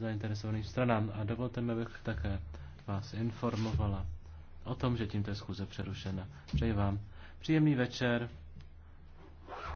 zainteresovaným stranám. A dovolte mi, abych také vás informovala o tom, že tímto je schůze přerušena. Přeji vám příjemný večer.